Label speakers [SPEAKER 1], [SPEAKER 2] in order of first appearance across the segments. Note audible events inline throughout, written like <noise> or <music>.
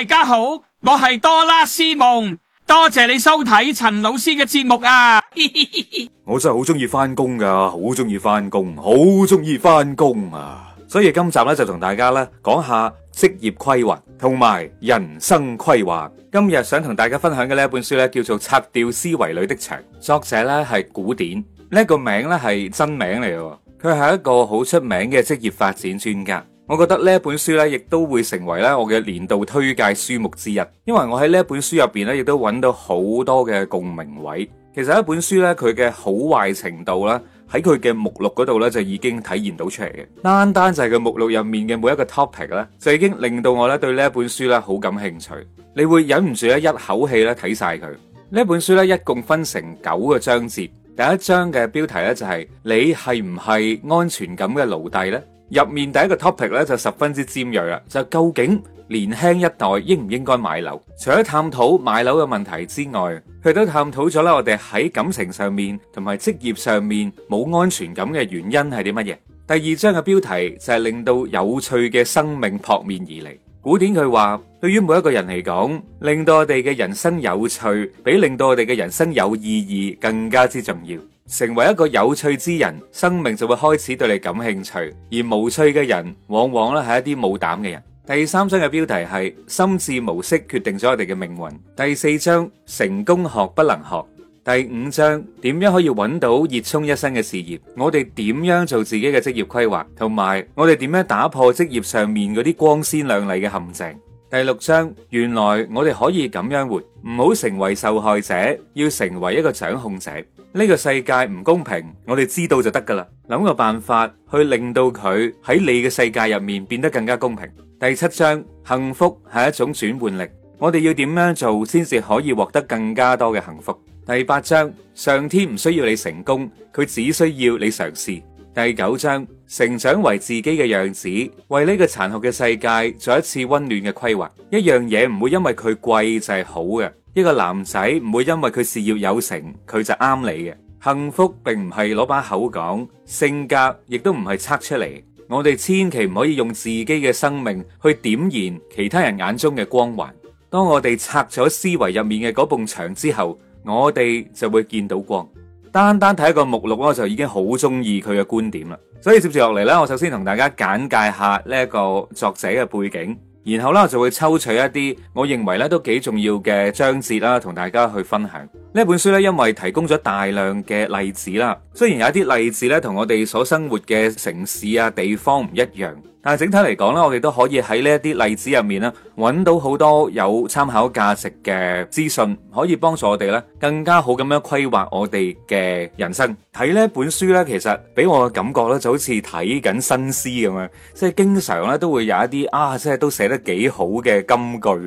[SPEAKER 1] 大家好，我係多拉斯夢，多謝你收睇陳老 C 嘅節目啊！ <laughs> 我真係好中意翻工噶，好中意翻工，好中意翻工啊！所以今集咧就同大家咧講下職業規劃同埋人生規劃。今日想同大家分享嘅呢一本書咧叫做《拆掉思維裡的牆》，作者咧係古典，呢、這個名咧係真名嚟，佢係一個好出名嘅職業發展專家。我覺得呢本書呢，亦都會成為咧我嘅年度推介書目之一，因為我喺呢本書入邊呢，亦都揾到好多嘅共鳴位。其實一本書呢，佢嘅好壞程度咧，喺佢嘅目錄嗰度呢，就已經體現到出嚟嘅。單單就係佢目錄入面嘅每一個 topic 呢，就已經令到我呢對呢本書呢好感興趣。你會忍唔住咧一口氣咧睇晒佢。呢本書呢，一共分成九個章節，第一章嘅標題呢，就係你係唔係安全感嘅奴隸呢？入面第一個 topic 咧，就十分之尖銳啦，就究竟年輕一代應唔應該買樓？除咗探討買樓嘅問題之外，佢都探討咗啦，我哋喺感情上面同埋職業上面冇安全感嘅原因係啲乜嘢？第二章嘅標題就係、是、令到有趣嘅生命撲面而嚟。古典佢話，對於每一個人嚟講，令到我哋嘅人生有趣，比令到我哋嘅人生有意義更加之重要。成為一個有趣之人，生命就會開始對你感興趣。而無趣嘅人，往往咧係一啲冇膽嘅人。第三章嘅標題係心智模式決定咗我哋嘅命運。第四章成功學不能學。第五章點樣可以揾到熱衷一生嘅事業？我哋點樣做自己嘅職業規劃？同埋我哋點樣打破職業上面嗰啲光鮮亮麗嘅陷阱？第六章原來我哋可以咁樣活，唔好成為受害者，要成為一個掌控者。呢個世界唔公平，我哋知道就得㗎喇，諗個辦法去令到佢喺你嘅世界入面變得更加公平。第七章，幸福係一種轉換力，我哋要點樣做先至可以獲得更加多嘅幸福？第八章，上天唔需要你成功，佢只需要你嘗試。第九章，成長為自己嘅樣子，為呢個殘酷嘅世界做一次溫暖嘅規劃。一樣嘢唔會因為佢貴就係好嘅。一個男仔唔會因為佢事業有成，佢就啱你嘅。幸福，並唔係攞把口講，性格亦都唔係測出嚟。我哋千祈唔可以用自己嘅生命去點燃其他人眼中嘅光環。當我哋拆咗思維入面嘅嗰埲牆之後，我哋就會見到光。單單睇一個目錄咯，我就已經好中意佢嘅觀點啦。所以接住落嚟咧，我首先同大家簡介下呢一個作者嘅背景。然後咧就會抽取一啲我認為咧都幾重要嘅章節啦，同大家去分享呢本書咧，因為提供咗大量嘅例子啦。雖然有一啲例子咧同我哋所生活嘅城市啊、地方唔一樣。但係整體嚟講咧，我哋都可以喺呢一啲例子入面咧，揾到好多有參考價值嘅資訊，可以幫助我哋咧更加好咁樣規劃我哋嘅人生。睇呢本書咧，其實俾我嘅感覺咧就好似睇緊新詩咁樣，即係經常咧都會有一啲啊，即係都寫得幾好嘅金句。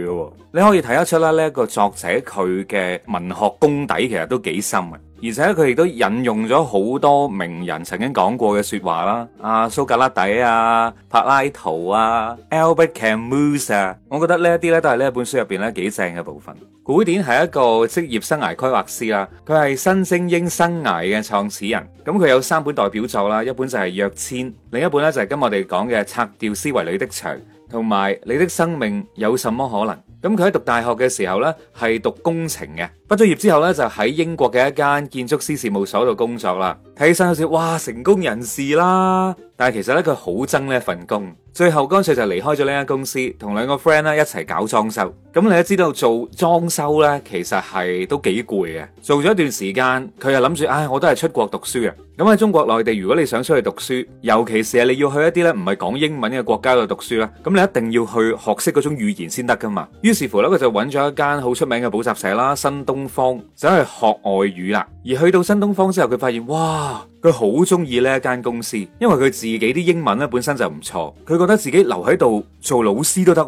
[SPEAKER 1] 你可以睇得出啦，呢一個作者佢嘅文學功底其實都幾深啊！而且佢亦都引用咗好多名人曾經講過嘅説話啦，阿、啊、蘇格拉底啊、柏拉圖啊、Albert Camus 啊，我覺得呢一啲咧都係呢一本書入邊咧幾正嘅部分。古典係一個職業生涯規劃師啦，佢係新精英生涯嘅創始人，咁佢有三本代表作啦，一本就係，是《躍遷》，另一本呢就係今日我哋講嘅《拆掉思維裡的牆》，同埋《你的生命有什麼可能》。咁佢喺讀大學嘅時候呢，係讀工程嘅。畢咗業之後呢，就喺英國嘅一間建築師事務所度工作啦。睇起身好似，哇，成功人士啦，但係其實咧佢好憎呢份工，最後乾脆就離開咗呢間公司，同兩個 friend 咧一齊搞裝修。咁你都知道做裝修呢，其實係都幾攰嘅。做咗一段時間，佢又諗住，唉、哎，我都係出國讀書嘅。咁喺中國內地，如果你想出去讀書，尤其是係你要去一啲咧唔係講英文嘅國家度讀書啦，咁你一定要去學識嗰種語言先得噶嘛。於是乎咧，佢就揾咗一間好出名嘅補習社啦，新東方，走去學外語啦。而去到新東方之後，佢發現，嘩！佢好中意呢一間公司，因為佢自己啲英文咧本身就唔錯，佢覺得自己留喺度做老師都得。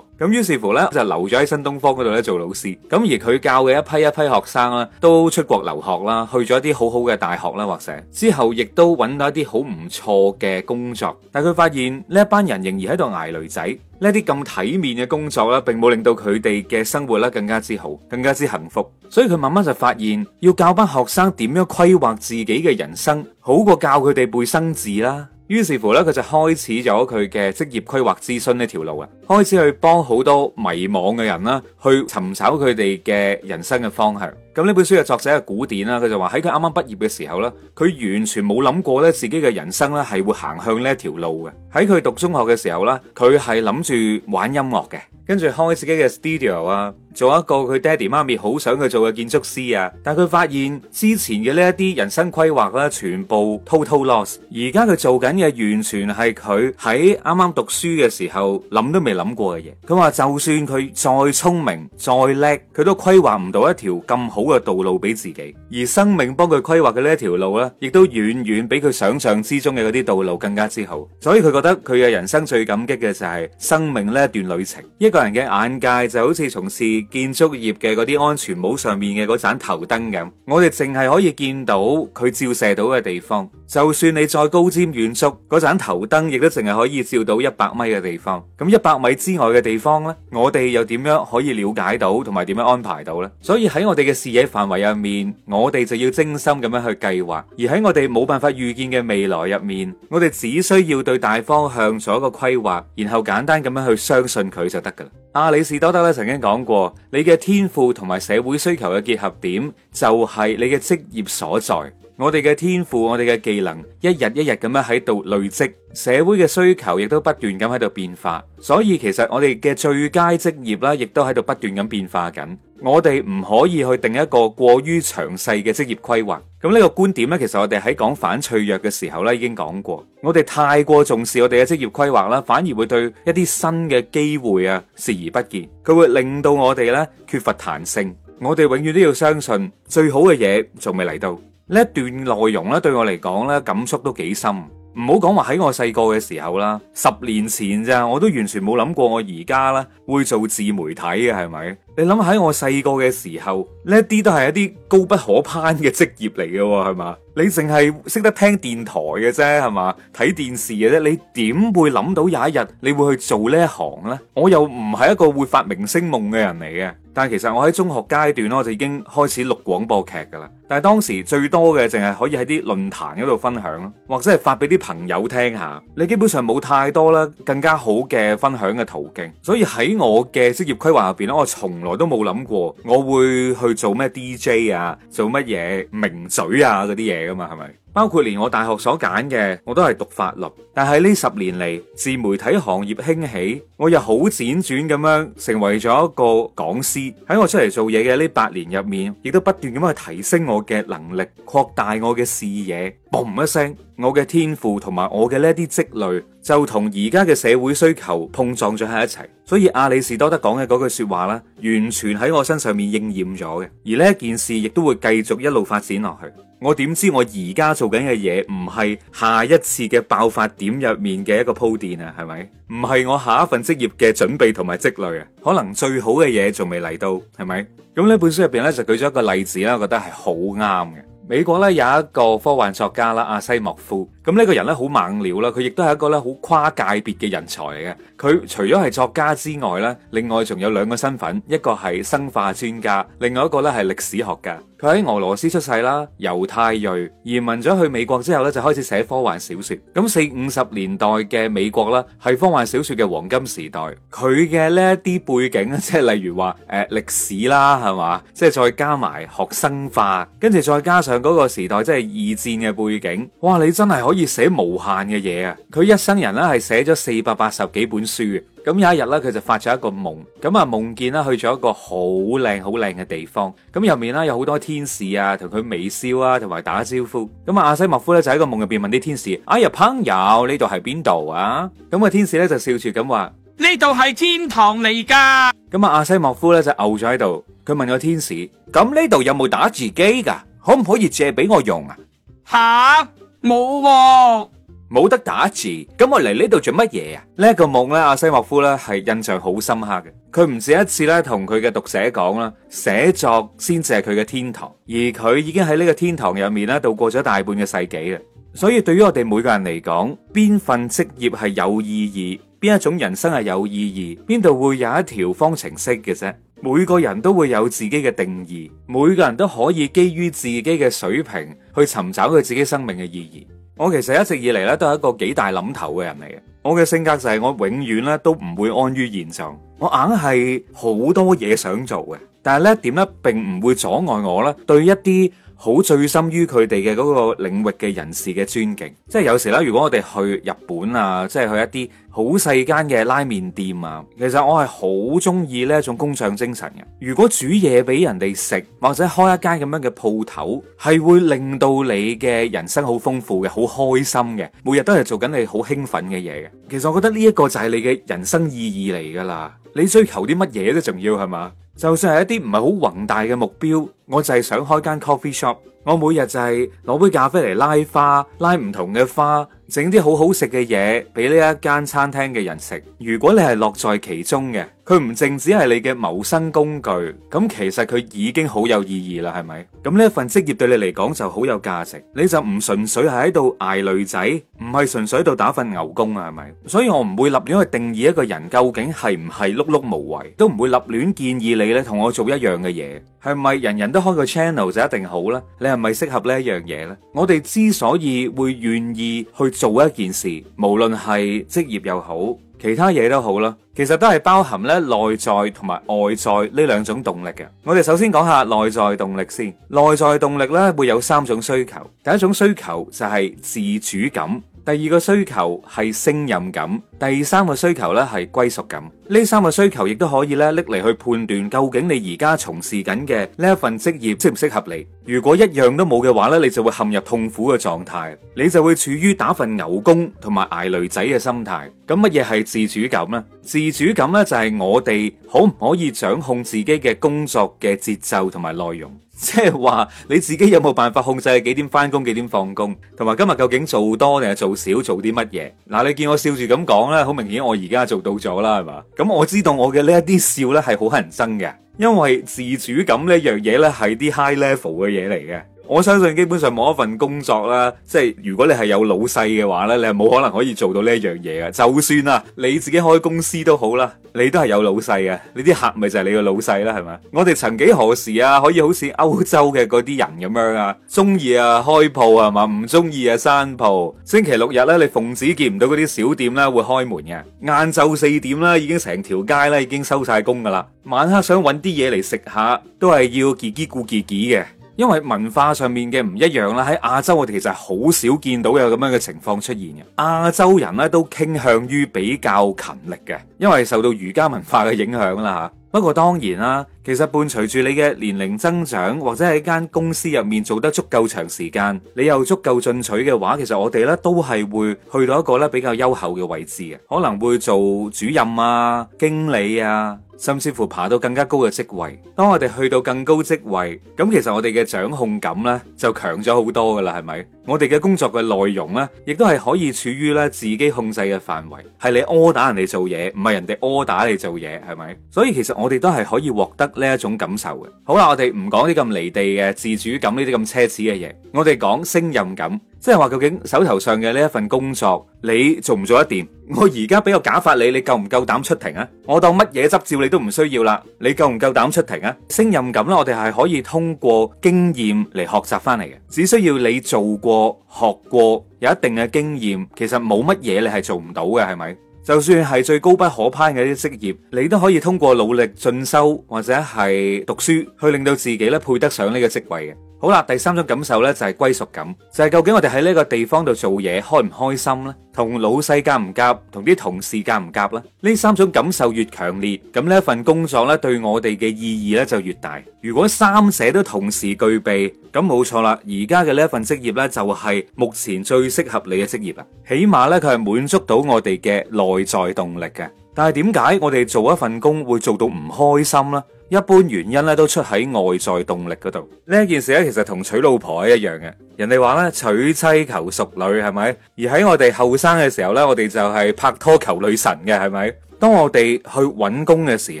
[SPEAKER 1] 咁於是乎呢，就留咗喺新東方嗰度咧做老師。咁而佢教嘅一批一批學生啦，都出國留學啦，去咗一啲好好嘅大學啦，或者之後亦都揾到一啲好唔錯嘅工作。但佢發現呢一班人仍然喺度捱女仔，呢啲咁體面嘅工作呢，並冇令到佢哋嘅生活咧更加之好，更加之幸福。所以佢慢慢就發現要教班學生點樣規劃自己嘅人生。好過教佢哋背生字啦，於是乎咧，佢就開始咗佢嘅職業規劃諮詢呢條路啊。開始去幫好多迷茫嘅人啦，去尋找佢哋嘅人生嘅方向。咁呢本書嘅作者嘅古典啦，佢就話喺佢啱啱畢業嘅時候呢，佢完全冇諗過呢自己嘅人生呢係會行向呢一條路嘅。喺佢讀中學嘅時候呢，佢係諗住玩音樂嘅，跟住開自己嘅 studio 啊，做一個佢爹哋媽咪好想佢做嘅建築師啊。但佢發現之前嘅呢一啲人生規劃呢，全部 total loss。而家佢做緊嘅完全係佢喺啱啱讀書嘅時候諗都未諗過嘅嘢，佢話就算佢再聰明、再叻，佢都規劃唔到一條咁好嘅道路俾自己。而生命幫佢規劃嘅呢一條路咧，亦都遠遠比佢想象之中嘅嗰啲道路更加之好。所以佢覺得佢嘅人生最感激嘅就係生命呢一段旅程。一個人嘅眼界就好似從事建築業嘅嗰啲安全帽上面嘅嗰盞頭燈咁，我哋淨係可以見到佢照射到嘅地方。就算你再高瞻遠矚，嗰盞頭燈亦都淨係可以照到一百米嘅地方。咁一百米。之外嘅地方咧，我哋又點樣可以了解到，同埋點樣安排到呢？所以喺我哋嘅視野範圍入面，我哋就要精心咁樣去計劃；而喺我哋冇辦法預見嘅未來入面，我哋只需要對大方向做一個規劃，然後簡單咁樣去相信佢就得噶啦。亞里士多德咧，曾經講過，你嘅天賦同埋社會需求嘅結合點，就係你嘅職業所在。我哋嘅天賦，我哋嘅技能，一日一日咁樣喺度累積。社會嘅需求亦都不斷咁喺度變化，所以其實我哋嘅最佳職業啦，亦都喺度不斷咁變化緊。我哋唔可以去定一個過於詳細嘅職業規劃。咁呢個觀點呢，其實我哋喺講反脆弱嘅時候呢已經講過。我哋太過重視我哋嘅職業規劃啦，反而會對一啲新嘅機會啊視而不見。佢會令到我哋呢缺乏彈性。我哋永遠都要相信最好嘅嘢仲未嚟到。呢一段內容咧，對我嚟講咧，感觸都幾深。唔好講話喺我細個嘅時候啦，十年前咋，我都完全冇諗過我而家啦。會做自媒體嘅係咪？你諗，喺我細個嘅時候，呢啲都係一啲高不可攀嘅職業嚟嘅，係嘛？你淨係識得聽電台嘅啫，係嘛？睇電視嘅啫，你點會諗到有一日你會去做呢一行呢？我又唔係一個會發明星夢嘅人嚟嘅，但係其實我喺中學階段咯，我就已經開始錄廣播劇噶啦。但係當時最多嘅，淨係可以喺啲論壇嗰度分享咯，或者係發俾啲朋友聽下。你基本上冇太多啦，更加好嘅分享嘅途徑。所以喺我嘅職業規劃入邊咧，我從來都冇諗過我會去做咩 DJ 啊，做乜嘢名嘴啊嗰啲嘢噶嘛，係咪？包括連我大學所揀嘅，我都係讀法律。但係呢十年嚟，自媒體行業興起，我又好輾轉咁樣成為咗一個講師。喺我出嚟做嘢嘅呢八年入面，亦都不斷咁去提升我嘅能力，擴大我嘅視野。嘣一聲，我嘅天賦同埋我嘅呢啲積累，就同而家嘅社會需求碰撞咗喺一齊。所以亞里士多德講嘅嗰句說話啦，完全喺我身上面應驗咗嘅。而呢件事亦都會繼續一路發展落去。我點知我而家做緊嘅嘢，唔係下一次嘅爆發點入面嘅一個鋪墊啊？係咪？唔係我下一份職業嘅準備同埋積累啊？可能最好嘅嘢仲未嚟到，係咪？咁呢本書入邊呢，就舉咗一個例子啦，我覺得係好啱嘅。美國呢有一個科幻作家啦，阿西莫夫。咁呢個人呢，好猛料啦，佢亦都係一個呢好跨界別嘅人才嚟嘅。佢除咗係作家之外呢，另外仲有兩個身份，一個係生化專家，另外一個呢係歷史學家。佢喺俄羅斯出世啦，猶太裔，移民咗去美國之後咧，就開始寫科幻小說。咁四五十年代嘅美國啦，係科幻小說嘅黃金時代。佢嘅呢一啲背景，即係例如話誒歷史啦，係嘛，即係再加埋學生化，跟住再加上嗰個時代，即係二戰嘅背景。哇，你真係可以寫無限嘅嘢啊！佢一生人咧係寫咗四百八十幾本書咁有一日咧，佢就發咗一個夢，咁啊夢見啦，去咗一個好靚好靚嘅地方，咁入面咧有好多天使啊，同佢微笑啊，同埋打招呼。咁啊阿西莫夫咧就喺個夢入邊問啲天使：哎呀，朋友，呢度係邊度啊？咁啊，天使咧就笑住咁話：呢度係天堂嚟噶。咁啊阿西莫夫咧就嘔咗喺度，佢問個天使：咁呢度有冇打字機噶？可唔可以借俾我用啊？吓，冇喎。冇得打字，咁我嚟呢度做乜嘢啊？呢一個夢咧，阿西莫夫呢係印象好深刻嘅。佢唔止一次咧同佢嘅讀者講啦，寫作先至係佢嘅天堂，而佢已經喺呢個天堂入面呢度過咗大半個世紀啦。所以對於我哋每個人嚟講，邊份職業係有意義，邊一種人生係有意義，邊度會有一條方程式嘅啫？每個人都會有自己嘅定義，每個人都可以基於自己嘅水平去尋找佢自己生命嘅意義。我其實一直以嚟咧都係一個幾大諗頭嘅人嚟嘅，我嘅性格就係我永遠咧都唔會安於現狀，我硬係好多嘢想做嘅，但係呢一點呢並唔會阻礙我咧對一啲好醉心於佢哋嘅嗰個領域嘅人士嘅尊敬，即係有時啦。如果我哋去日本啊，即係去一啲好細間嘅拉麵店啊，其實我係好中意呢一種工匠精神嘅。如果煮嘢俾人哋食，或者開一間咁樣嘅鋪頭，係會令到你嘅人生好豐富嘅，好開心嘅，每日都係做緊你好興奮嘅嘢嘅。其實我覺得呢一個就係你嘅人生意義嚟㗎喇，你追求啲乜嘢都重要係咪？就算係一啲唔係好宏大嘅目標，我就係想開間 coffee shop。我每日就係攞杯咖啡嚟拉花，拉唔同嘅花，整啲好好食嘅嘢俾呢一間餐廳嘅人食。如果你係樂在其中嘅，佢唔淨止係你嘅謀生工具，咁其實佢已經好有意義啦，係咪？咁呢份職業對你嚟講就好有價值，你就唔純粹係喺度捱女仔，唔係純粹喺度打份牛工啊，係咪？所以我唔會立亂去定義一個人究竟係唔係碌碌無為，都唔會立亂建議你咧同我做一樣嘅嘢，係咪？人人都開個 channel 就一定好咧？你又？係咪適合呢一樣嘢呢？我哋之所以會願意去做一件事，無論係職業又好，其他嘢都好啦，其實都係包含咧內在同埋外在呢兩種動力嘅。我哋首先講下內在動力先，內在動力咧會有三種需求，第一種需求就係自主感。第二個需求係勝任感，第三個需求咧係歸屬感。呢三個需求亦都可以咧拎嚟去判斷，究竟你而家從事緊嘅呢一份職業適唔適合你？如果一樣都冇嘅話咧，你就會陷入痛苦嘅狀態，你就會處於打份牛工同埋捱累仔嘅心態。咁乜嘢係自主感呢？自主感呢，就係我哋可唔可以掌控自己嘅工作嘅節奏同埋內容，即係話你自己有冇辦法控制你幾點翻工、幾點放工，同埋今日究竟做多定係做少、做啲乜嘢？嗱，你見我笑住咁講呢，好明顯我而家做到咗啦，係嘛？咁我知道我嘅呢一啲笑呢係好乞人憎嘅，因為自主感呢樣嘢呢係啲 high level 嘅嘢嚟嘅。我相信基本上冇一份工作啦，即係如果你係有老細嘅話呢，你係冇可能可以做到呢一樣嘢嘅。就算啦，你自己開公司都好啦，你都係有老細嘅，你啲客咪就係你個老細啦，係咪？我哋曾幾何時啊，可以好似歐洲嘅嗰啲人咁樣啊，中意啊開鋪啊係嘛，唔中意啊閂鋪星期六日呢，你奉旨見唔到嗰啲小店呢會開門嘅，晏晝四點啦，已經成條街呢已經收晒工噶啦。晚黑想搵啲嘢嚟食下，都係要自己顧自己嘅。因為文化上面嘅唔一樣啦，喺亞洲我哋其實好少見到有咁樣嘅情況出現嘅。亞洲人呢都傾向於比較勤力嘅，因為受到儒家文化嘅影響啦吓。不過當然啦，其實伴隨住你嘅年齡增長，或者喺間公司入面做得足夠長時間，你又足夠進取嘅話，其實我哋呢都係會去到一個呢比較優厚嘅位置嘅，可能會做主任啊、經理啊，甚至乎爬到更加高嘅職位。當我哋去到更高職位，咁其實我哋嘅掌控感呢就強咗好多㗎喇，係咪？我哋嘅工作嘅內容呢，亦都係可以處於呢自己控制嘅範圍，係你柯打人哋做嘢，唔係人哋柯打你做嘢，係咪？所以其實。我哋都係可以獲得呢一種感受嘅。好啦，我哋唔講啲咁離地嘅自主感呢啲咁奢侈嘅嘢，我哋講勝任感，即係話究竟手頭上嘅呢一份工作你做唔做得掂？我而家俾個假髮你，你夠唔夠膽出庭啊？我當乜嘢執照你都唔需要啦，你夠唔夠膽出庭啊？勝任感呢，我哋係可以通過經驗嚟學習翻嚟嘅，只需要你做過、學過，有一定嘅經驗，其實冇乜嘢你係做唔到嘅，係咪？就算係最高不可攀嘅一啲職業，你都可以通過努力進修或者係讀書，去令到自己咧配得上呢個職位嘅。好啦，第三種感受呢，就係歸屬感，就係究竟我哋喺呢個地方度做嘢開唔開心呢？同老細夾唔夾，同啲同事夾唔夾呢？呢三種感受越強烈，咁呢份工作呢，對我哋嘅意義呢，就越大。如果三者都同時具備，咁冇錯啦，而家嘅呢份職業呢，就係目前最適合你嘅職業啦！起碼呢，佢係滿足到我哋嘅內在動力嘅。但係點解我哋做一份工會做到唔開心呢？一般原因咧都出喺外在動力嗰度，呢件事咧其實同娶老婆係一樣嘅。人哋話咧娶妻求淑女係咪？而喺我哋後生嘅時候咧，我哋就係拍拖求女神嘅係咪？是當我哋去揾工嘅時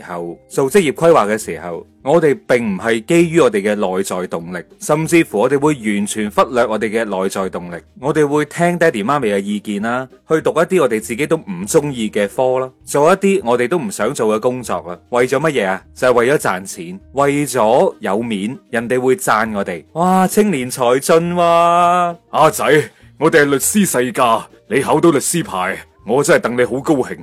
[SPEAKER 1] 候，做職業規劃嘅時候，我哋並唔係基於我哋嘅內在動力，甚至乎我哋會完全忽略我哋嘅內在動力。我哋會聽爹地媽咪嘅意見啦，去讀一啲我哋自己都唔中意嘅科啦，做一啲我哋都唔想做嘅工作啦。為咗乜嘢啊？就係、是、為咗賺錢，為咗有面，人哋會讚我哋。哇！青年才俊哇、啊！阿、啊、仔，我哋係律師世家，你考到律師牌，我真係等你好高興。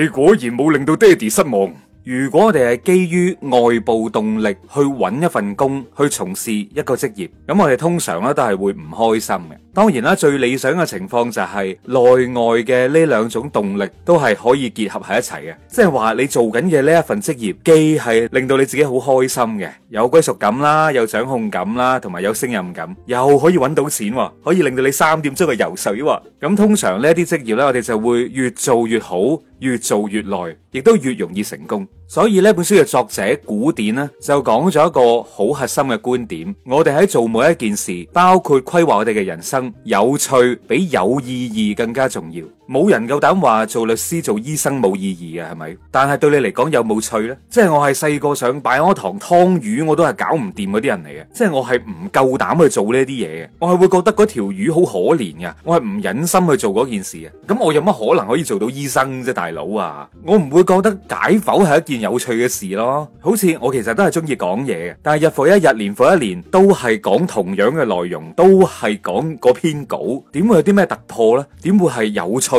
[SPEAKER 1] 你果然冇令到爹哋失望。如果我哋係基於外部動力去揾一份工去從事一個職業，咁我哋通常咧，都係會唔開心嘅。當然啦，最理想嘅情況就係內外嘅呢兩種動力都係可以結合喺一齊嘅，即係話你做緊嘅呢一份職業，既係令到你自己好開心嘅，有歸屬感啦，有掌控感啦，同埋有勝任感，又可以揾到錢，可以令到你三點鐘去游水。咁通常呢一啲職業咧，我哋就會越做越好。越做越耐，亦都越容易成功。所以呢本書嘅作者古典呢，就講咗一個好核心嘅觀點，我哋喺做每一件事，包括規劃我哋嘅人生，有趣比有意義更加重要。冇人夠膽話做律師、做醫生冇意義嘅，係咪？但係對你嚟講有冇趣呢？即係我係細個想擺我堂湯魚，我都係搞唔掂嗰啲人嚟嘅，即係我係唔夠膽去做呢啲嘢。我係會覺得嗰條魚好可憐嘅，我係唔忍心去做嗰件事嘅。咁我有乜可能可以做到醫生啫，大佬啊！我唔會覺得解剖係一件有趣嘅事咯。好似我其實都係鍾意講嘢嘅，但係日復一日，年復一年，都係講同樣嘅內容，都係講嗰篇稿，點會有啲咩突破呢？點會係有趣？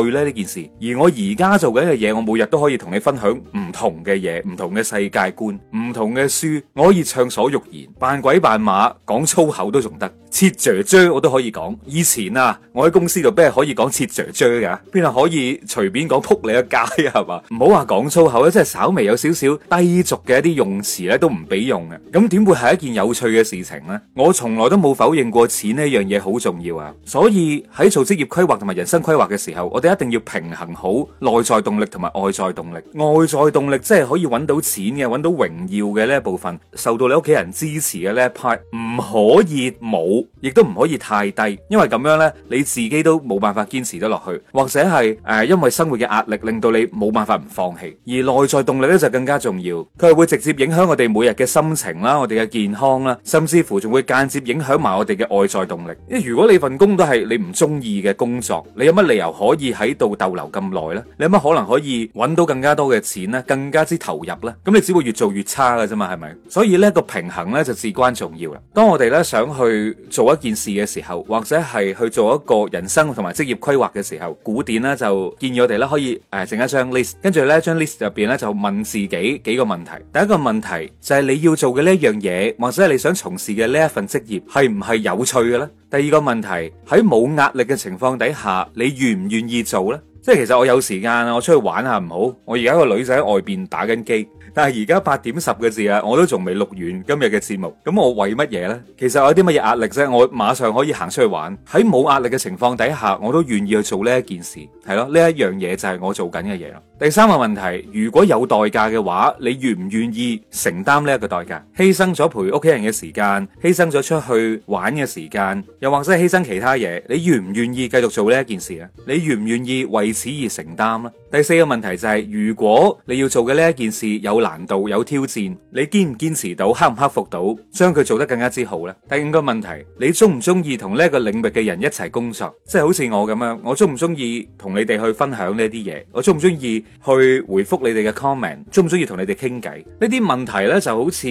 [SPEAKER 1] 對呢件事，而我而家做緊嘅嘢，我每日都可以同你分享唔同嘅嘢，唔同嘅世界觀，唔同嘅書，我可以暢所欲言，扮鬼扮馬，講粗口都仲得，切啫啫我都可以講。以前啊，我喺公司度邊係可以講切啫啫噶，邊度可以隨便講扑你一街啊，係嘛？唔好話講粗口咧，即係稍微有少少低俗嘅一啲用詞咧，都唔俾用嘅。咁點會係一件有趣嘅事情咧？我從來都冇否認過錢呢樣嘢好重要啊，所以喺做職業規劃同埋人生規劃嘅時候，我哋。一定要平衡好內在動力同埋外在動力，外在動力即係可以揾到錢嘅、揾到榮耀嘅呢一部分，受到你屋企人支持嘅呢一 part，唔可以冇，亦都唔可以太低，因為咁樣呢，你自己都冇辦法堅持得落去，或者係，誒，因為生活嘅壓力令到你冇辦法唔放棄。而內在動力呢就更加重要，佢係會直接影響我哋每日嘅心情啦、我哋嘅健康啦，甚至乎仲會間接影響埋我哋嘅外在動力。因為如果你份工都係你唔中意嘅工作，你有乜理由可以喺度逗留咁耐呢，你有乜可能可以揾到更加多嘅錢呢？更加之投入呢？咁你只會越做越差嘅啫嘛？係咪？所以呢個平衡呢，就至關重要啦。當我哋呢想去做一件事嘅時候，或者係去做一個人生同埋職業規劃嘅時候，古典呢就建議我哋呢可以誒整、呃、一張 list，跟住呢張 list 入邊呢，就問自己幾個問題。第一個問題就係、係、你要做嘅呢一樣嘢，或者係你想從事嘅呢一份職業，係唔係有趣嘅呢？第二個問題，喺冇壓力嘅情況底下，你願唔願意做呢？即係其實我有時間啊，我出去玩下唔好。我而家個女仔喺外邊打緊機，但係而家八點十個字啊，我都仲未錄完今日嘅節目。咁我為乜嘢呢？其實我有啲乜嘢壓力啫？我馬上可以行出去玩。喺冇壓力嘅情況底下，我都願意去做呢一件事。係咯，呢一樣嘢就係我做緊嘅嘢咯。第三個問題，如果有代價嘅話，你願唔願意承擔呢一個代價？犧牲咗陪屋企人嘅時間，犧牲咗出去玩嘅時間，又或者係犧牲其他嘢，你願唔願意繼續做呢一件事啊？你願唔願意為此而承擔呢？第四個問題就係，如果你要做嘅呢一件事有難度、有挑戰，你堅唔堅持到，克唔克服到，將佢做得更加之好呢？第五個問題，你中唔中意同呢一個領域嘅人一齊工作？即係好似我咁樣，我中唔中意同你？你哋去分享呢啲嘢，我中唔中意去回覆你哋嘅 comment？中唔中意同你哋傾偈？呢啲問題咧就好似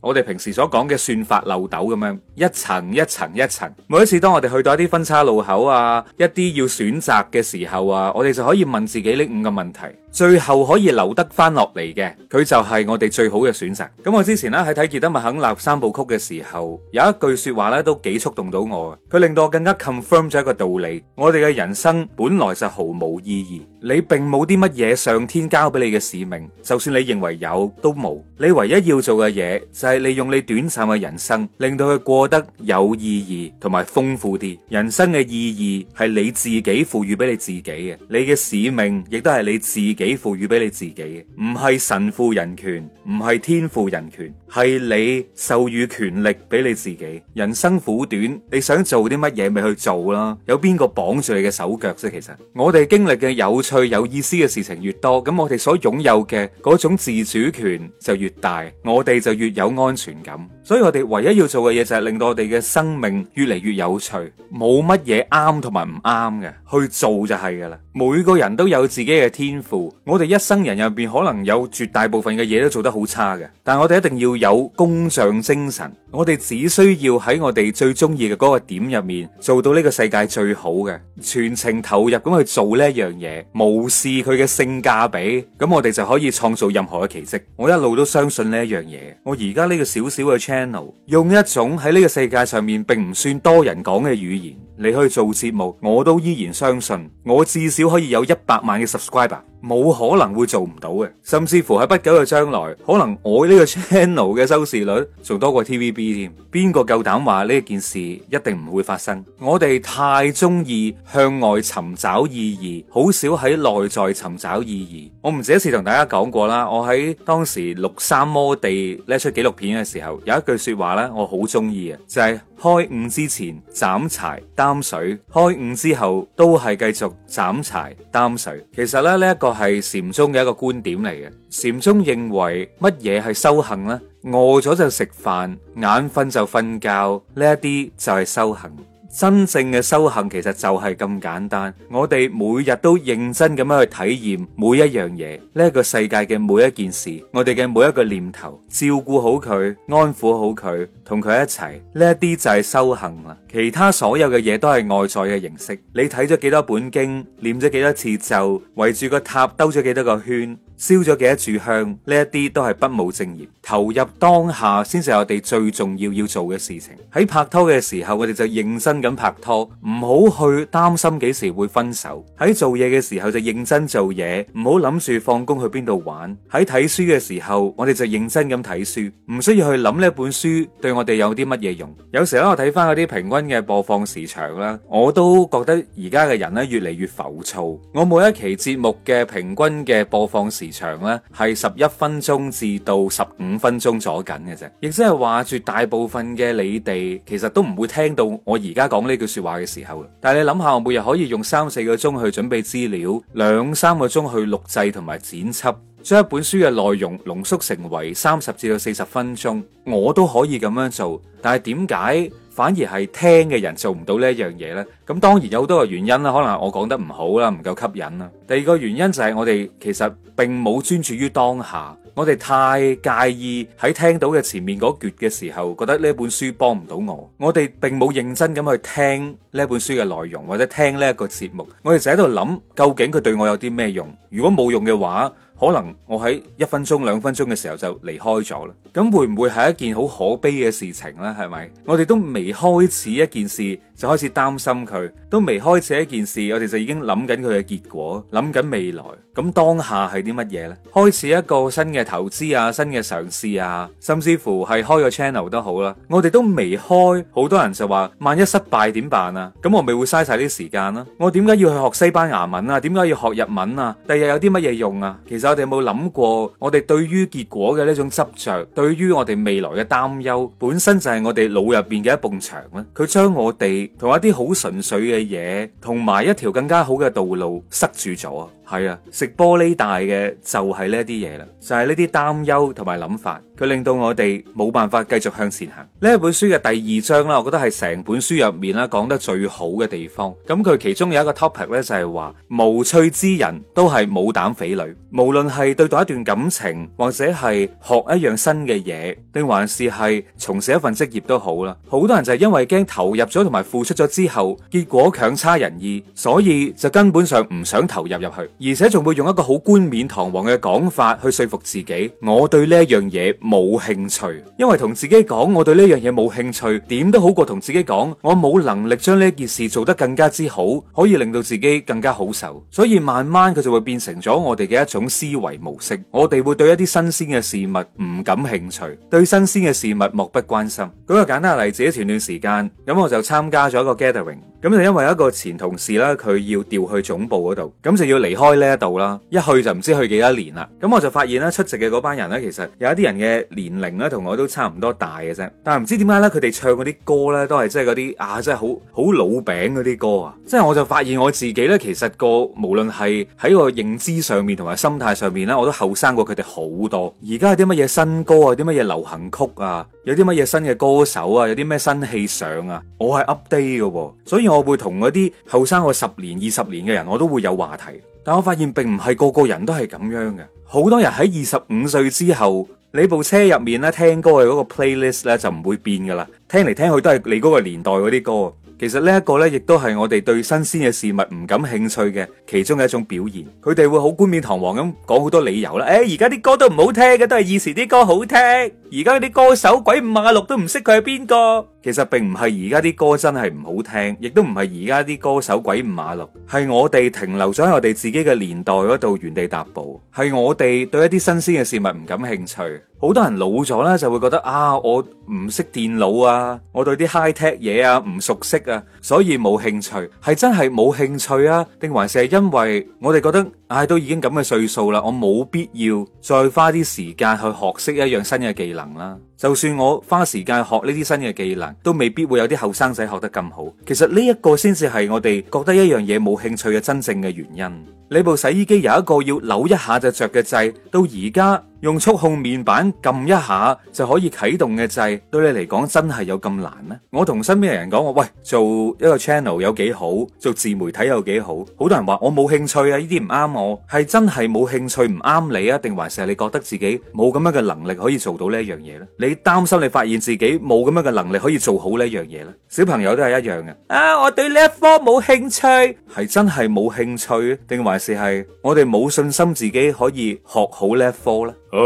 [SPEAKER 1] 我哋平時所講嘅算法漏斗咁樣，一層一層一層。每一次當我哋去到一啲分岔路口啊，一啲要選擇嘅時候啊，我哋就可以問自己呢五個問題。最後可以留得翻落嚟嘅，佢就係我哋最好嘅選擇。咁我之前咧喺睇傑德麥肯納三部曲嘅時候，有一句説話咧都幾觸動到我，佢令到我更加 confirm 咗一個道理：我哋嘅人生本來就毫無意義。你並冇啲乜嘢，上天交俾你嘅使命，就算你認為有都冇。你唯一要做嘅嘢，就係利用你短暫嘅人生，令到佢過得有意義同埋豐富啲。人生嘅意義係你自己賦予俾你自己嘅，你嘅使命亦都係你自己賦予俾你自己嘅，唔係神賦人權，唔係天賦人權，係你授予權力俾你自己。人生苦短，你想做啲乜嘢，咪去做啦。有邊個綁住你嘅手腳啫？其實我哋經歷嘅有佢有意思嘅事情越多，咁我哋所擁有嘅嗰種自主權就越大，我哋就越有安全感。所以我哋唯一要做嘅嘢就係令到我哋嘅生命越嚟越有趣，冇乜嘢啱同埋唔啱嘅去做，就係噶啦。每個人都有自己嘅天賦，我哋一生人入邊可能有絕大部分嘅嘢都做得好差嘅，但係我哋一定要有工匠精神。我哋只需要喺我哋最中意嘅嗰個點入面做到呢個世界最好嘅，全情投入咁去做呢一樣嘢。無視佢嘅性價比，咁我哋就可以創造任何嘅奇跡。我一路都相信呢一樣嘢。我而家呢個小小嘅 channel，用一種喺呢個世界上面並唔算多人講嘅語言，你去做節目，我都依然相信，我至少可以有一百萬嘅 subscriber。冇可能會做唔到嘅，甚至乎喺不久嘅將來，可能我呢個 channel 嘅收視率仲多過 TVB 添。邊個夠膽話呢件事一定唔會發生？我哋太中意向外尋找意義，好少喺內在尋找意義。我唔止一次同大家講過啦，我喺當時六三摩地呢出紀錄片嘅時候，有一句説話呢，我好中意嘅就係、是。開悟之前斬柴擔水，開悟之後都係繼續斬柴擔水。其實咧呢一個係禪宗嘅一個觀點嚟嘅。禪宗認為乜嘢係修行呢？餓咗就食飯，眼瞓就瞓覺，呢一啲就係修行。真正嘅修行其實就係咁簡單，我哋每日都認真咁樣去體驗每一樣嘢，呢個世界嘅每一件事，我哋嘅每一個念頭，照顧好佢，安撫好佢，同佢一齊，呢一啲就係修行啦。其他所有嘅嘢都係外在嘅形式，你睇咗幾多本經，念咗幾多次咒，圍住個塔兜咗幾多個圈。燒咗幾多炷香？呢一啲都係不務正業，投入當下先係我哋最重要要做嘅事情。喺拍拖嘅時候，我哋就認真咁拍拖，唔好去擔心幾時會分手。喺做嘢嘅時候就認真做嘢，唔好諗住放工去邊度玩。喺睇書嘅時候，我哋就認真咁睇書，唔需要去諗呢一本書對我哋有啲乜嘢用。有時候，我睇翻嗰啲平均嘅播放時長啦，我都覺得而家嘅人咧越嚟越浮躁。我每一期節目嘅平均嘅播放時，長咧係十一分鐘至到十五分鐘咗緊嘅啫，亦即係話絕大部分嘅你哋其實都唔會聽到我而家講呢句說話嘅時候。但係你諗下，我每日可以用三四個鐘去準備資料，兩三個鐘去錄製同埋剪輯，將一本書嘅內容濃縮成為三十至到四十分鐘，我都可以咁樣做。但係點解？反而係聽嘅人做唔到呢一樣嘢呢？咁當然有好多個原因啦，可能我講得唔好啦，唔夠吸引啦。第二個原因就係我哋其實並冇專注於當下，我哋太介意喺聽到嘅前面嗰橛嘅時候，覺得呢本書幫唔到我，我哋並冇認真咁去聽呢本書嘅內容，或者聽呢一個節目，我哋就喺度諗究竟佢對我有啲咩用？如果冇用嘅話，可能我喺一分鐘兩分鐘嘅時候就離開咗啦，咁會，唔會，係一件好可悲嘅事情咧？係咪？我哋都未開始一件事。就開始擔心佢，都未開始一件事，我哋就已經諗緊佢嘅結果，諗緊未來。咁當下係啲乜嘢呢？開始一個新嘅投資啊，新嘅嘗試啊，甚至乎係開個 channel 都好啦。我哋都未開，好多人就話：萬一失敗點辦啊？咁我咪會嘥曬啲時間啦。我點解要去學西班牙文啊？點解要學日文啊？第日有啲乜嘢用啊？其實我哋有冇諗過，我哋對於結果嘅呢種執著，對於我哋未來嘅擔憂，本身就係我哋腦入邊嘅一埲牆呢。佢將我哋同一啲好純粹嘅嘢，同埋一條更加好嘅道路塞住咗啊！係啊，食玻璃大嘅就係呢一啲嘢啦，就係呢啲擔憂同埋諗法。佢令到我哋冇辦法繼續向前行。呢一本書嘅第二章啦，我覺得係成本書入面啦，講得最好嘅地方。咁佢其中有一個 topic 咧，就係話無趣之人都係冇膽匪類。無論係對待一段感情，或者係學一樣新嘅嘢，定還是係從事一份職業都好啦。好多人就係因為驚投入咗同埋付出咗之後，結果強差人意，所以就根本上唔想投入入去，而且仲會用一個好冠冕堂皇嘅講法去說服自己，我對呢一樣嘢冇興趣，因為同自己講我對呢樣嘢冇興趣，點都好過同自己講我冇能力將呢件事做得更加之好，可以令到自己更加好受。所以慢慢佢就會變成咗我哋嘅一種思維模式，我哋會對一啲新鮮嘅事物唔感興趣，對新鮮嘅事物漠不關心。舉個簡單嘅例子，一前段時間咁我就參加咗一個 gathering，咁就因為一個前同事啦，佢要調去總部嗰度，咁就要離開呢一度啦，一去就唔知去幾多年啦。咁我就發現咧出席嘅嗰班人咧，其實有一啲人嘅。年齡咧同我都差唔多大嘅啫，但係唔知點解咧，佢哋唱嗰啲歌咧都係即係嗰啲啊，即係好好老餅嗰啲歌啊！即係我就發現我自己咧，其實個無論係喺個認知上面同埋心態上面咧，我都後生過佢哋好多。而家有啲乜嘢新歌啊，啲乜嘢流行曲啊，有啲乜嘢新嘅歌手啊，有啲咩新戲上啊，我係 update 嘅，所以我會同嗰啲後生過十年二十年嘅人，我都會有話題。但我發現並唔係個個人都係咁樣嘅，好多人喺二十五歲之後。你部車入面咧聽歌嘅嗰個 playlist 咧就唔會變噶啦，聽嚟聽去都係你嗰個年代嗰啲歌。其實呢一個呢，亦都係我哋對新鮮嘅事物唔感興趣嘅其中一種表現。佢哋會好冠冕堂皇咁講好多理由啦。誒、欸，而家啲歌都唔好聽嘅，都係以前啲歌好聽。而家啲歌手鬼五馬六都唔識佢係邊個。其實並唔係而家啲歌真係唔好聽，亦都唔係而家啲歌手鬼五馬六，係我哋停留咗喺我哋自己嘅年代嗰度原地踏步。係我哋對一啲新鮮嘅事物唔感興趣。好多人老咗呢，就會覺得啊，我唔識電腦啊，我對啲 high tech 嘢啊唔熟悉啊。所以冇興趣，係真係冇興趣啊？定還是係因為我哋覺得？唉、哎，都已經咁嘅歲數啦，我冇必要再花啲時間去學識一樣新嘅技能啦。就算我花時間學呢啲新嘅技能，都未必會有啲後生仔學得咁好。其實呢一個先至係我哋覺得一樣嘢冇興趣嘅真正嘅原因。你部洗衣機有一個要扭一下就着嘅掣，到而家用觸控面板撳一下就可以啟動嘅掣，對你嚟講真係有咁難咩？我同身邊人講我喂，做一個 channel 有幾好，做自媒體有幾好，好多人話我冇興趣啊，呢啲唔啱我。係真係冇興趣唔啱你啊？定還是係你覺得自己冇咁樣嘅能力可以做到呢一樣嘢咧？你擔心你發現自己冇咁樣嘅能力可以做好呢一樣嘢咧？小朋友都係一樣嘅啊！我對呢一科冇興趣，係真係冇興趣，定還是係我哋冇信心自己可以學好呢一科咧？啊！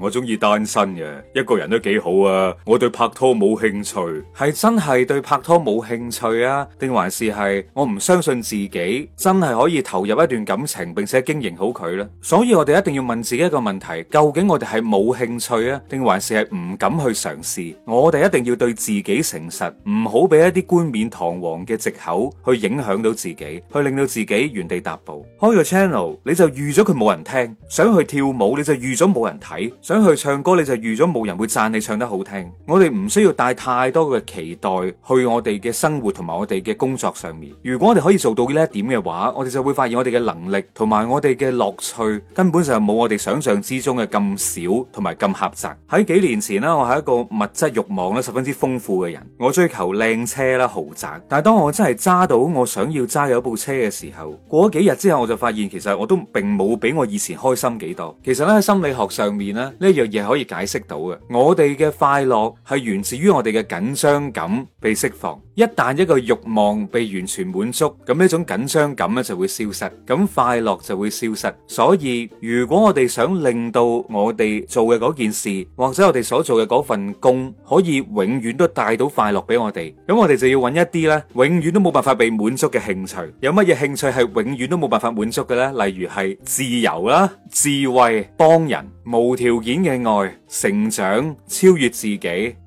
[SPEAKER 1] 我中意單身嘅，一個人都幾好啊！我對拍拖冇興趣，係真係對拍拖冇興趣啊？定還是係我唔相信自己真係可以投入一段感情，並且？經營好佢啦，所以我哋一定要問自己一個問題：究竟我哋係冇興趣啊，定還是係唔敢去嘗試？我哋一定要對自己誠實，唔好俾一啲冠冕堂皇嘅借口去影響到自己，去令到自己原地踏步。開個 channel 你就預咗佢冇人聽，想去跳舞你就預咗冇人睇，想去唱歌你就預咗冇人會讚你唱得好聽。我哋唔需要帶太多嘅期待去我哋嘅生活同埋我哋嘅工作上面。如果我哋可以做到呢一點嘅話，我哋就會發現我哋嘅能力同埋。我哋嘅樂趣根本上冇我哋想象之中嘅咁少同埋咁狹窄。喺幾年前咧，我係一個物質欲望咧十分之豐富嘅人，我追求靚車啦、豪宅。但係當我真係揸到我想要揸有部車嘅時候，過咗幾日之後，我就發現其實我都並冇比我以前開心幾多。其實咧喺心理學上面咧呢一樣嘢可以解釋到嘅，我哋嘅快樂係源自於我哋嘅緊張感被釋放。一旦一個慾望被完全滿足，咁呢種緊張感咧就會消失，咁快樂就會消失。所以如果我哋想令到我哋做嘅嗰件事，或者我哋所做嘅嗰份工，可以永遠都帶到快樂俾我哋，咁我哋就要揾一啲咧，永遠都冇辦法被滿足嘅興趣。有乜嘢興趣係永遠都冇辦法滿足嘅呢？例如係自由啦、智慧、幫人、無條件嘅愛、成長、超越自己、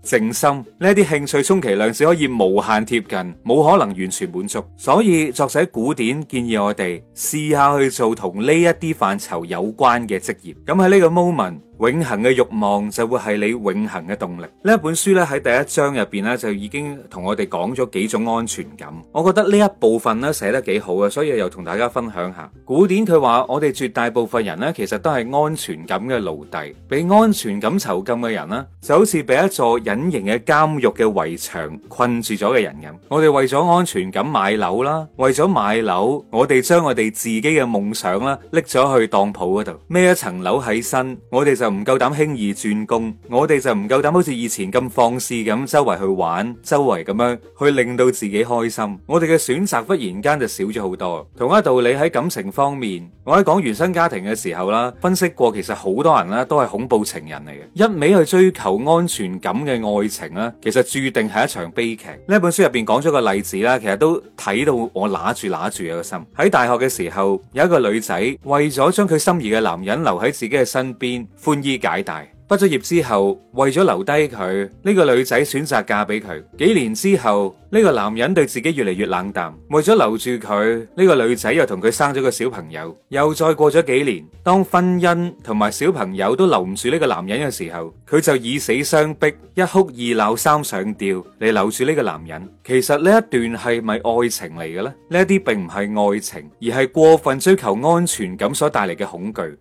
[SPEAKER 1] 靜心呢啲興趣，充其量只可以無限。但貼近冇可能完全滿足，所以作者古典建議我哋試下去做同呢一啲範疇有關嘅職業。咁喺呢個 moment。永恒嘅欲望就會係你永恒嘅動力。呢一本書咧喺第一章入邊咧就已經同我哋講咗幾種安全感。我覺得呢一部分咧寫得幾好呀，所以又同大家分享下古典。佢話：我哋絕大部分人呢，其實都係安全感嘅奴隸，俾安全感囚禁嘅人啦，就好似俾一座隱形嘅監獄嘅圍牆困住咗嘅人咁。我哋為咗安全感買樓啦，為咗買樓，我哋將我哋自己嘅夢想啦拎咗去當鋪嗰度孭一層樓喺身，我哋就，就唔夠膽輕易轉工，我哋就唔夠膽好似以前咁放肆咁周圍去玩，周圍咁樣去令到自己開心。我哋嘅選擇忽然間就少咗好多。同一道理，喺感情方面，我喺講原生家庭嘅時候啦，分析過其實好多人啦都係恐怖情人嚟嘅，一味去追求安全感嘅愛情啦，其實注定係一場悲劇。呢本書入邊講咗個例子啦，其實都睇到我揦住揦住個心。喺大學嘅時候，有一個女仔為咗將佢心儀嘅男人留喺自己嘅身邊，寬衣解帶。畢咗業之後，為咗留低佢，呢個女仔選擇嫁俾佢。幾年之後，呢個男人對自己越嚟越冷淡，為咗留住佢，呢個女仔又同佢生咗個小朋友。又再過咗幾年，當婚姻同埋小朋友都留唔住呢個男人嘅時候，佢就以死相逼，一哭二鬧三上吊你留住呢個男人。其實呢一段係咪愛情嚟嘅呢？呢一啲並唔係愛情，而係過分追求安全感所帶嚟嘅恐懼。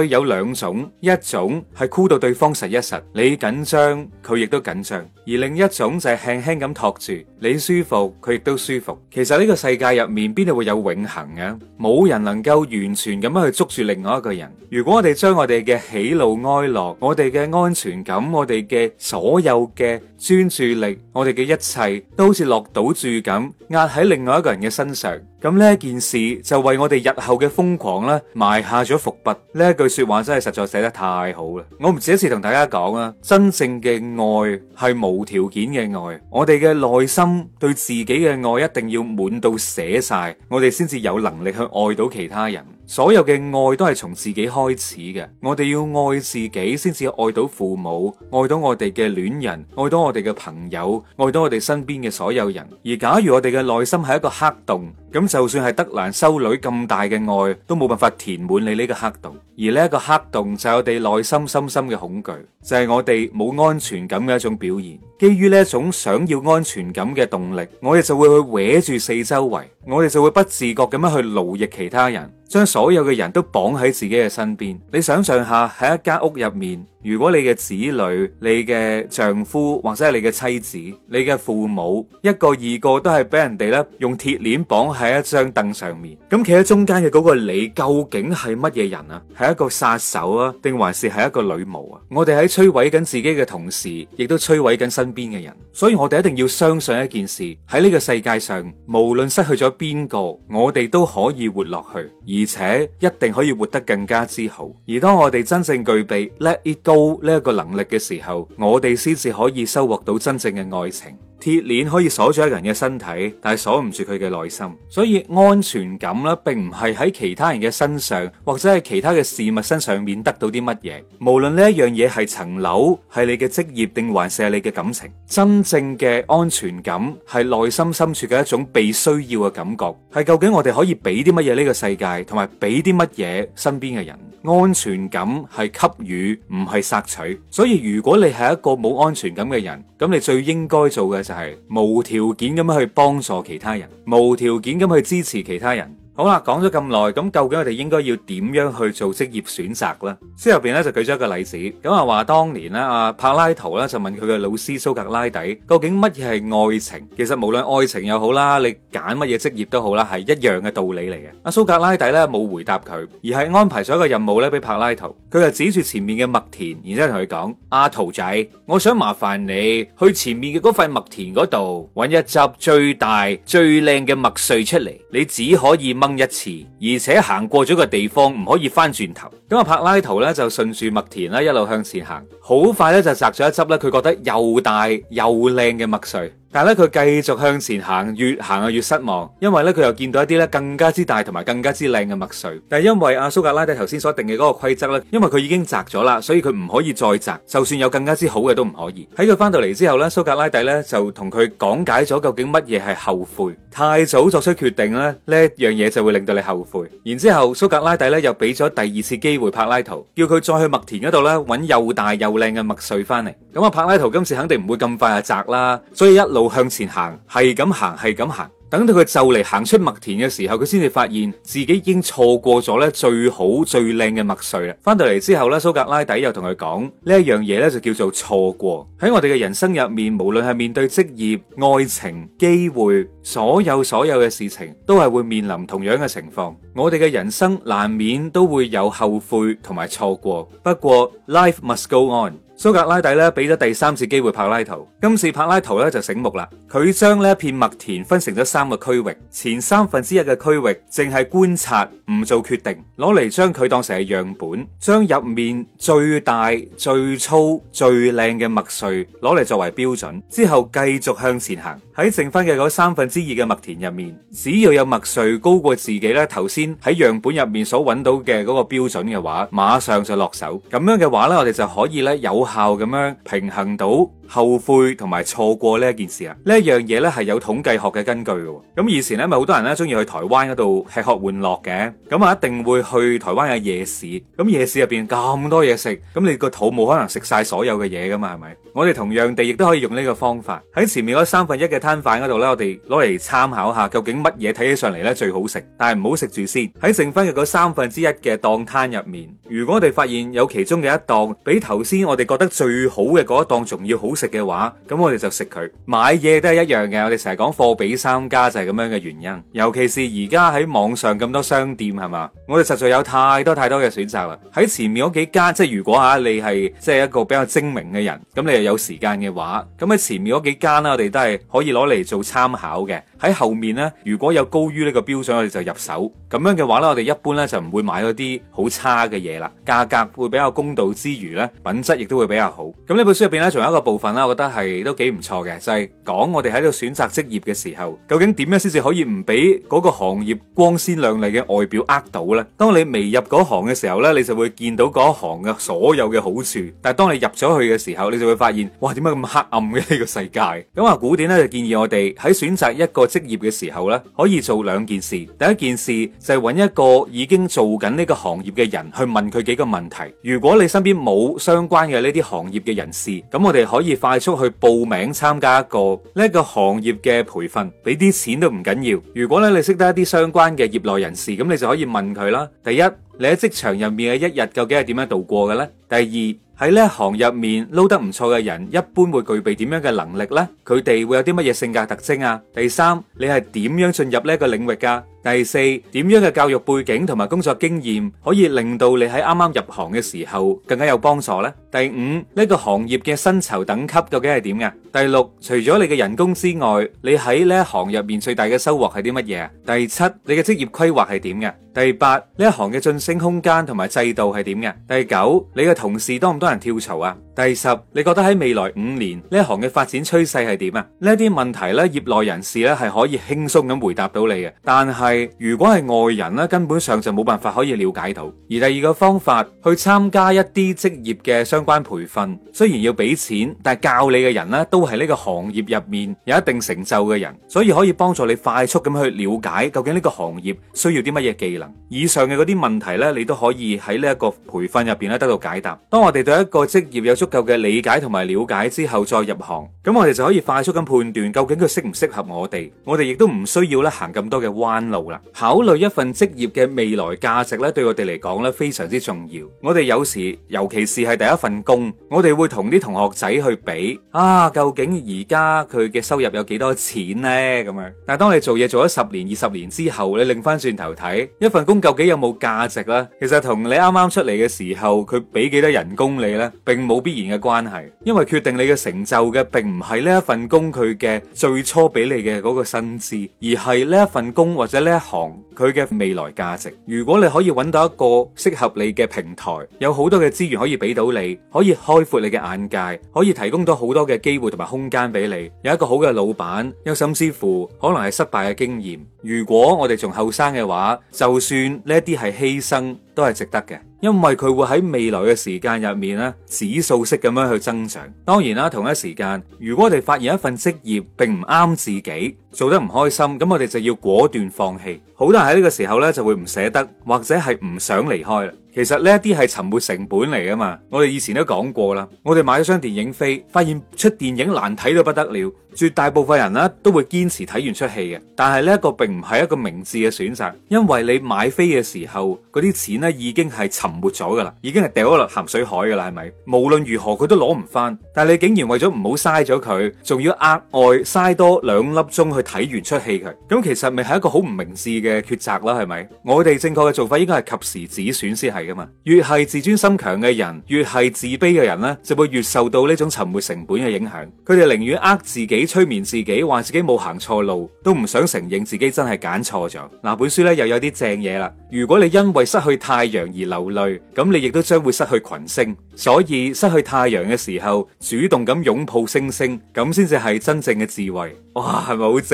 [SPEAKER 1] 愛有兩種，一種係箍到對方實一實，你緊張，佢亦都緊張；而另一種就係輕輕咁托住，你舒服，佢亦都舒服。其實呢個世界入面邊度會有永恒嘅？冇人能夠完全咁樣去捉住另外一個人。如果我哋將我哋嘅喜怒哀樂、我哋嘅安全感、我哋嘅所有嘅專注力、我哋嘅一切，都好似落賭注咁壓喺另外一個人嘅身上。咁呢件事就為我哋日後嘅瘋狂呢埋下咗伏筆。呢句說話真係實在寫得太好啦！我唔止一次同大家講啊，真正嘅愛係無條件嘅愛。我哋嘅內心對自己嘅愛一定要滿到寫晒，我哋先至有能力去愛到其他人。所有嘅愛都係從自己開始嘅，我哋要愛自己先至愛到父母，愛到我哋嘅戀人，愛到我哋嘅朋友，愛到我哋身邊嘅所有人。而假如我哋嘅內心係一個黑洞，咁就算係德蘭修女咁大嘅愛，都冇辦法填滿你呢個黑洞。而呢一個黑洞就係我哋內心深深嘅恐懼，就係我哋冇安全感嘅一種表現。基於呢一種想要安全感嘅動力，我哋就會去搲住四周圍，我哋就會不自覺咁樣去勞役其他人。將所有嘅人都綁喺自己嘅身邊，你想象下喺一間屋入面。如果你嘅子女，你嘅丈夫或者係你嘅妻子，你嘅父母，一個二個都係俾人哋咧，用鐵鏈綁喺一張凳上面，咁企喺中間嘅嗰個你，究竟係乜嘢人啊？係一個殺手啊，定還是係一個女巫啊？我哋喺摧毀緊自己嘅同時，亦都摧毀緊身邊嘅人，所以我哋一定要相信一件事：喺呢個世界上，無論失去咗邊個，我哋都可以活落去，而且一定可以活得更加之好。而當我哋真正具備 let it go。呢一個能力嘅時候，我哋先至可以收穫到真正嘅愛情。鐵鏈可以鎖住一個人嘅身體，但係鎖唔住佢嘅內心。所以安全感呢，並唔係喺其他人嘅身上，或者係其他嘅事物身上面得到啲乜嘢。無論呢一樣嘢係層樓，係你嘅職業，定還是係你嘅感情。真正嘅安全感係內心深處嘅一種被需要嘅感覺。係究竟我哋可以俾啲乜嘢呢個世界，同埋俾啲乜嘢身邊嘅人？安全感係給予，唔係索取。所以如果你係一個冇安全感嘅人，咁你最應該做嘅就係無條件咁樣去幫助其他人，無條件咁去支持其他人。好啦，講咗咁耐，咁究竟我哋應該要點樣去做職業選擇咧？書入邊咧就舉咗一個例子，咁啊話當年咧阿柏拉圖咧就問佢嘅老師蘇格拉底，究竟乜嘢係愛情？其實無論愛情又好啦，你揀乜嘢職業都好啦，係一樣嘅道理嚟嘅。阿蘇格拉底咧冇回答佢，而係安排咗一個任務咧俾柏拉圖，佢就指住前面嘅麥田，然之後同佢講：阿徒仔，我想麻煩你去前面嘅嗰塊麥田嗰度搵一集最大最靚嘅麥穗出嚟，你只可以。崩一次，而且行過咗個地方唔可以翻轉頭。咁阿柏拉圖咧就順住麥田啦，一路向前行，好快咧就摘咗一執咧，佢覺得又大又靚嘅麥穗。但係咧，佢繼續向前行，越行啊越失望，因為咧佢又見到一啲咧更加之大同埋更加之靚嘅麥穗。但係因為阿蘇格拉底頭先所定嘅嗰個規則咧，因為佢已經摘咗啦，所以佢唔可以再摘。就算有更加之好嘅都唔可以。喺佢翻到嚟之後咧，蘇格拉底咧就同佢講解咗究竟乜嘢係後悔，太早作出決定咧呢一樣嘢就會令到你後悔。然之後蘇格拉底咧又俾咗第二次機會柏拉圖，叫佢再去麥田嗰度咧搵又大又靚嘅麥穗翻嚟。咁啊柏拉圖今次肯定唔會咁快啊摘啦，所以一路。向前行，係咁行，係咁行，等到佢就嚟行出麥田嘅時候，佢先至發現自己已經錯過咗咧最好最靚嘅麥穗啦。翻到嚟之後咧，蘇格拉底又同佢講呢一樣嘢咧，就叫做錯過。喺我哋嘅人生入面，無論係面對職業、愛情、機會，所有所有嘅事情，都係會面臨同樣嘅情況。我哋嘅人生難免都會有後悔同埋錯過。不過，Life must go on。蘇格拉底咧俾咗第三次機會柏拉圖，今次柏拉圖咧就醒目啦，佢將呢一片麥田分成咗三個區域，前三分之一嘅區域淨係觀察，唔做決定，攞嚟將佢當成係樣本，將入面最大、最粗、最靚嘅麥穗攞嚟作為標準，之後繼續向前行。喺剩翻嘅嗰三分之二嘅麥田入面，只要有麥穗高過自己咧頭先喺樣本入面所揾到嘅嗰個標準嘅話，馬上就落手。咁樣嘅話咧，我哋就可以咧有。有效咁樣平衡到。 <noise> 後悔同埋錯過呢一件事啊，呢一樣嘢呢係有統計學嘅根據嘅。咁以前呢咪好多人呢中意去台灣嗰度吃喝玩樂嘅。咁啊，一定會去台灣嘅夜市。咁夜市入邊咁多嘢食，咁你個肚冇可能食晒所有嘅嘢㗎嘛？係咪？我哋同樣地亦都可以用呢個方法喺前面嗰三分一嘅攤販嗰度呢，我哋攞嚟參考下究竟乜嘢睇起上嚟呢最好食，但係唔好食住先。喺剩翻嘅嗰三分之一嘅檔攤入面，如果我哋發現有其中嘅一檔比頭先我哋覺得最好嘅嗰一檔仲要好。食嘅話，咁我哋就食佢。買嘢都係一樣嘅，我哋成日講貨比三家就係咁樣嘅原因。尤其是而家喺網上咁多商店係嘛，我哋實在有太多太多嘅選擇啦。喺前面嗰幾間，即係如果吓，啊，你係即係一個比較精明嘅人，咁你又有時間嘅話，咁喺前面嗰幾間啦，我哋都係可以攞嚟做參考嘅。喺後面咧，如果有高於呢個標準，我哋就入手。咁樣嘅話咧，我哋一般咧就唔會買嗰啲好差嘅嘢啦。價格會比較公道之餘咧，品質亦都會比較好。咁呢本書入邊咧，仲有一個部分咧，我覺得係都幾唔錯嘅，就係講我哋喺度選擇職業嘅時候，究竟點樣先至可以唔俾嗰個行業光鮮亮麗嘅外表呃到咧？當你未入嗰行嘅時候咧，你就會見到嗰行嘅所有嘅好處。但係當你入咗去嘅時候，你就會發現，哇，點解咁黑暗嘅呢個世界？咁啊，古典咧就建議我哋喺選擇一個職業嘅時候咧，可以做兩件事。第一件事就係揾一個已經做緊呢個行業嘅人去問佢幾個問題。如果你身邊冇相關嘅呢啲行業嘅人士，咁我哋可以快速去報名參加一個呢個行業嘅培訓，俾啲錢都唔緊要。如果咧你識得一啲相關嘅業內人士，咁你就可以問佢啦。第一，你喺職場入面嘅一日究竟係點樣度過嘅咧？第二，喺呢一行入面撈得唔錯嘅人，一般會具備點樣嘅能力呢？佢哋會有啲乜嘢性格特徵啊？第三，你係點樣進入呢一個領域噶、啊？第四，點樣嘅教育背景同埋工作經驗可以令到你喺啱啱入行嘅時候更加有幫助呢？第五，呢個行業嘅薪酬等級究竟係點嘅？第六，除咗你嘅人工之外，你喺呢一行入面最大嘅收穫係啲乜嘢？第七，你嘅職業規劃係點嘅？第八，呢一行嘅晉升空間同埋制度係點嘅？第九，你嘅同事多唔多人跳槽啊？第十，你覺得喺未來五年呢行嘅發展趨勢係點啊？呢一啲問題咧，業內人士咧係可以輕鬆咁回答到你嘅。但係如果係外人咧，根本上就冇辦法可以了解到。而第二個方法，去參加一啲職業嘅相關培訓，雖然要俾錢，但係教你嘅人呢都係呢個行業入面有一定成就嘅人，所以可以幫助你快速咁去了解究竟呢個行業需要啲乜嘢技能。以上嘅嗰啲問題咧，你都可以喺呢一個培訓入邊咧得到解答。當我哋對一個職業有足夠嘅理解同埋了解之後再入行，咁我哋就可以快速咁判斷究竟佢適唔適合我哋。我哋亦都唔需要咧行咁多嘅彎路啦。考慮一份職業嘅未來價值咧，對我哋嚟講咧非常之重要。我哋有時，尤其是係第一份工，我哋會同啲同學仔去比啊，究竟而家佢嘅收入有幾多錢咧？咁樣。但係當你做嘢做咗十年、二十年之後，你擰翻轉頭睇一份工究竟有冇價值咧？其實同你啱啱出嚟嘅時候佢俾幾多人工你咧，並冇必然嘅關係，因為決定你嘅成就嘅，並唔係呢一份工佢嘅最初俾你嘅嗰個薪資，而係呢一份工或者呢一行佢嘅未來價值。如果你可以揾到一個適合你嘅平台，有好多嘅資源可以俾到你，可以開闊你嘅眼界，可以提供到好多嘅機會同埋空間俾你，有一個好嘅老闆，又甚至乎可能係失敗嘅經驗。如果我哋仲後生嘅話，就算呢一啲係犧牲，都係值得嘅。因為，佢會喺未來嘅時間入面咧，指數式咁樣去增長，當然啦，同一時間，如果我哋發現一份職業並唔啱自己。做得唔開心，咁我哋就要果斷放棄。好多人喺呢個時候呢就會唔捨得，或者係唔想離開啦。其實呢一啲係沉沒成本嚟噶嘛。我哋以前都講過啦，我哋買咗張電影飛，發現出電影難睇到不得了，絕大部分人呢都會堅持睇完出戲嘅。但係呢一個並唔係一個明智嘅選擇，因為你買飛嘅時候嗰啲錢呢已經係沉沒咗噶啦，已經係掉咗落咸水海噶啦，係咪？無論如何佢都攞唔翻。但係你竟然為咗唔好嘥咗佢，仲要額外嘥多兩粒鐘去。睇完出戲佢咁，其實咪係一個好唔明智嘅抉擇啦，係咪？我哋正確嘅做法應該係及時止損先係噶嘛。越係自尊心強嘅人，越係自卑嘅人呢，就會越受到呢種沉沒成本嘅影響。佢哋寧願呃自己、催眠自己，話自己冇行錯路，都唔想承認自己真係揀錯咗。嗱，本書呢又有啲正嘢啦。如果你因為失去太陽而流淚，咁你亦都將會失去群星。所以失去太陽嘅時候，主動咁擁抱星星，咁先至係真正嘅智慧。哇，係咪好正？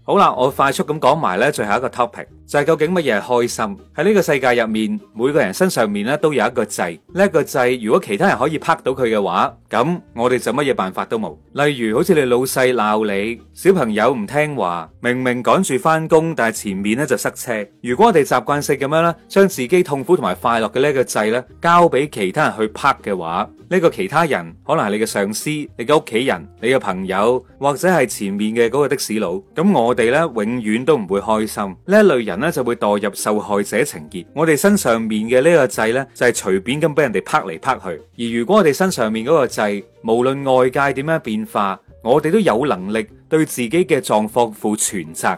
[SPEAKER 1] 好啦，我快速咁講埋呢最後一個 topic 就係究竟乜嘢係開心。喺呢個世界入面，每個人身上面呢都有一個掣。呢、這、一個掣如果其他人可以拍到佢嘅話，咁我哋就乜嘢辦法都冇。例如好似你老細鬧你，小朋友唔聽話，明明趕住翻工，但係前面呢就塞車。如果我哋習慣性咁樣呢，將自己痛苦同埋快樂嘅呢一個掣呢，交俾其他人去拍嘅話，呢、這個其他人可能係你嘅上司、你嘅屋企人、你嘅朋友，或者係前面嘅嗰個的士佬。咁我哋。你咧永遠都唔會開心，呢一類人咧就會墮入受害者情結。我哋身上面嘅呢個掣咧就係隨便咁俾人哋拍嚟拍去。而如果我哋身上面嗰個掣，無論外界點樣變化，我哋都有能力對自己嘅狀況負全責。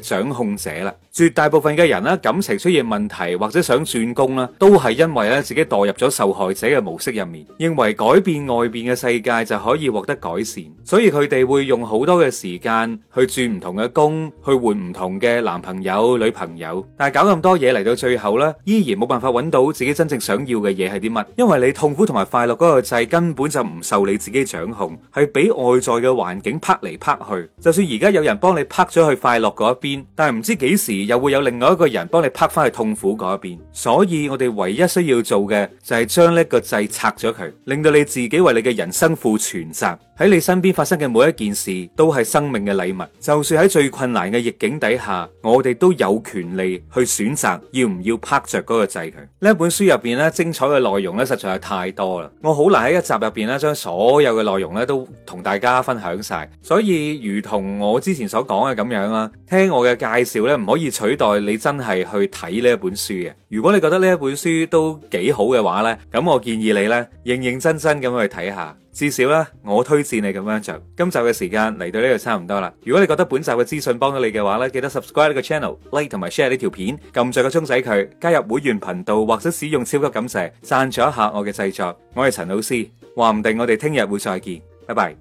[SPEAKER 1] 掌控者啦。絕大部分嘅人咧，感情出現問題或者想轉工啦，都係因為咧自己墮入咗受害者嘅模式入面，認為改變外邊嘅世界就可以獲得改善，所以佢哋會用好多嘅時間去轉唔同嘅工，去換唔同嘅男朋友、女朋友，但係搞咁多嘢嚟到最後咧，依然冇辦法揾到自己真正想要嘅嘢係啲乜，因為你痛苦同埋快樂嗰個掣根本就唔受你自己掌控，係俾外在嘅環境拍嚟拍去，就算而家有人幫你拍咗去快樂嗰一邊，但係唔知幾時，又會有另外一個人幫你拍翻去痛苦嗰邊，所以我哋唯一需要做嘅就係將呢個掣拆咗佢，令到你自己為你嘅人生負全責。喺你身邊發生嘅每一件事，都係生命嘅禮物。就算喺最困難嘅逆境底下，我哋都有權利去選擇要唔要拍着嗰個掣佢。呢本書入邊咧，精彩嘅內容咧，實在係太多啦。我好難喺一集入邊咧，將所有嘅內容咧都同大家分享晒。所以，如同我之前所講嘅咁樣啦，聽我嘅介紹咧，唔可以取代你真係去睇呢一本書嘅。如果你覺得呢一本書都幾好嘅話咧，咁我建議你咧，認認真真咁去睇下。至少咧，我推薦你咁樣做。今集嘅時間嚟到呢度差唔多啦。如果你覺得本集嘅資訊幫到你嘅話咧，記得 subscribe 呢個 channel，like 同埋 share 呢條片，撳着個鐘仔佢，加入會員頻道或者使用超級感謝贊助一下我嘅製作。我係陳老 C，話唔定我哋聽日會再見。拜拜。